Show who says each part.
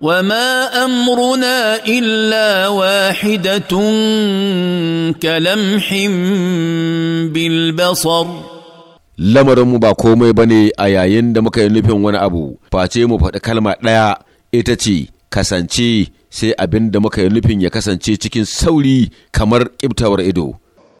Speaker 1: وما امرنا الا واحده كلمح بالبصر
Speaker 2: lamarinmu ba komai ba ne a yayin da muka yi nufin wani abu face mu faɗi kalma ɗaya ita ce kasance sai abin da muka yi nufin ya kasance cikin sauri kamar
Speaker 3: ƙibtawar ido